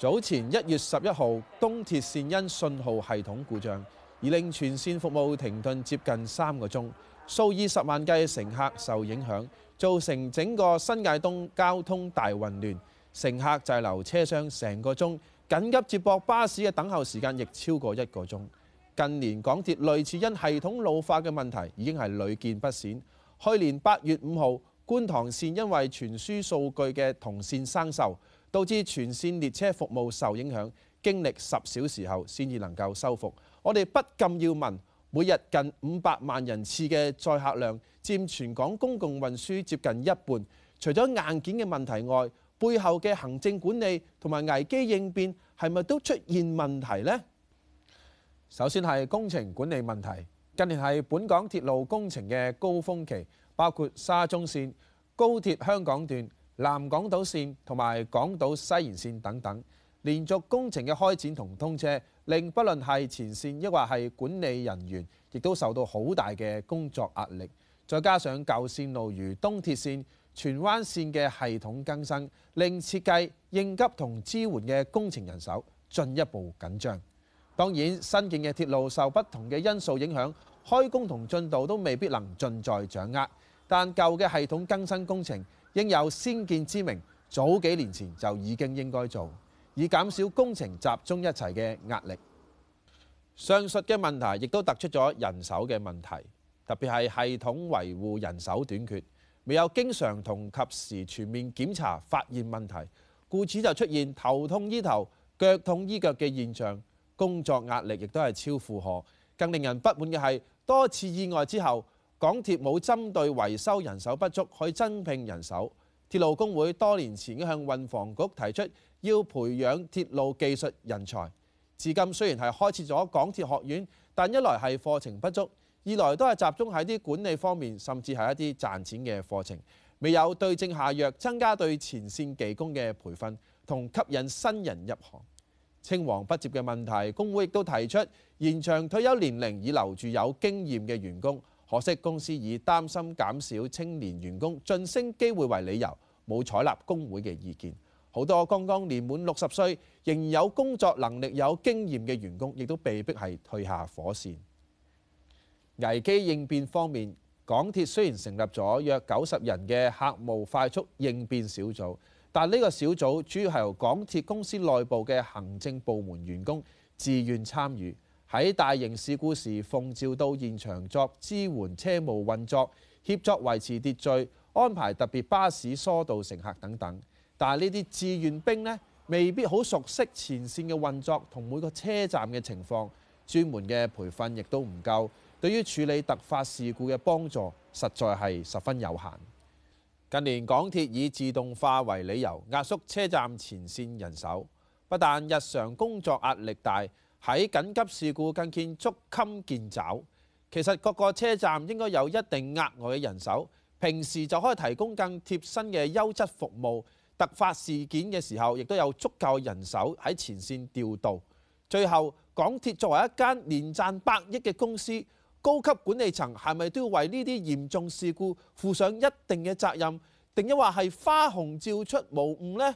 早前一月十一號，東鐵線因信號系統故障而令全線服務停頓接近三個鐘，數以十萬計乘客受影響，造成整個新界東交通大混亂，乘客滯留車廂成個鐘，緊急接駁巴士嘅等候時間亦超過一個鐘。近年港鐵類似因系統老化嘅問題已經係屢見不鮮。去年八月五號，觀塘線因為傳輸數據嘅銅線生鏽，導致全線列車服務受影響，經歷十小時後先至能夠修復。我哋不禁要問：每日近五百萬人次嘅載客量，佔全港公共運輸接近一半。除咗硬件嘅問題外，背後嘅行政管理同埋危機應變係咪都出現問題呢？首先係工程管理問題。近年係本港鐵路工程嘅高峰期，包括沙中線、高鐵香港段。南港島線同埋港島西延線等等，連續工程嘅開展同通車，令不論係前線抑或係管理人員，亦都受到好大嘅工作壓力。再加上舊線路如東鐵線、荃灣線嘅系統更新，令設計、應急同支援嘅工程人手進一步緊張。當然，新建嘅鐵路受不同嘅因素影響，開工同進度都未必能盡在掌握，但舊嘅系統更新工程。應有先見之明，早幾年前就已經應該做，以減少工程集中一齊嘅壓力。上述嘅問題亦都突出咗人手嘅問題，特別係系統維護人手短缺，未有經常同及時全面檢查發現問題，故此就出現頭痛醫頭、腳痛醫腳嘅現象，工作壓力亦都係超負荷。更令人不滿嘅係，多次意外之後，港鐵冇針對維修人手不足去增聘人手，鐵路工會多年前向運房局提出要培養鐵路技術人才。至今雖然係開設咗港鐵學院，但一來係課程不足，二來都係集中喺啲管理方面，甚至係一啲賺錢嘅課程，未有對症下藥，增加對前線技工嘅培訓同吸引新人入行。青黃不接嘅問題，工會亦都提出延長退休年齡，以留住有經驗嘅員工。可惜公司以擔心減少青年員工晉升機會為理由，冇採納工會嘅意見。好多剛剛年滿六十歲，仍有工作能力、有經驗嘅員工，亦都被逼係退下火線。危機應變方面，港鐵雖然成立咗約九十人嘅客務快速應變小組，但呢個小組主要係由港鐵公司內部嘅行政部門員工自願參與。喺大型事故時奉召到現場作支援車務運作、協助維持秩序、安排特別巴士疏導乘客等等。但係呢啲志願兵呢，未必好熟悉前線嘅運作同每個車站嘅情況，專門嘅培訓亦都唔夠，對於處理突發事故嘅幫助實在係十分有限。近年港鐵以自動化為理由壓縮車站前線人手，不但日常工作壓力大。喺緊急事故更見捉襟見肘，其實各個車站應該有一定額外嘅人手，平時就可以提供更貼身嘅優質服務，突發事件嘅時候亦都有足夠人手喺前線調度。最後，港鐵作為一間年賺百億嘅公司，高級管理層係咪都要為呢啲嚴重事故負上一定嘅責任，定抑或係花紅照出冇誤呢？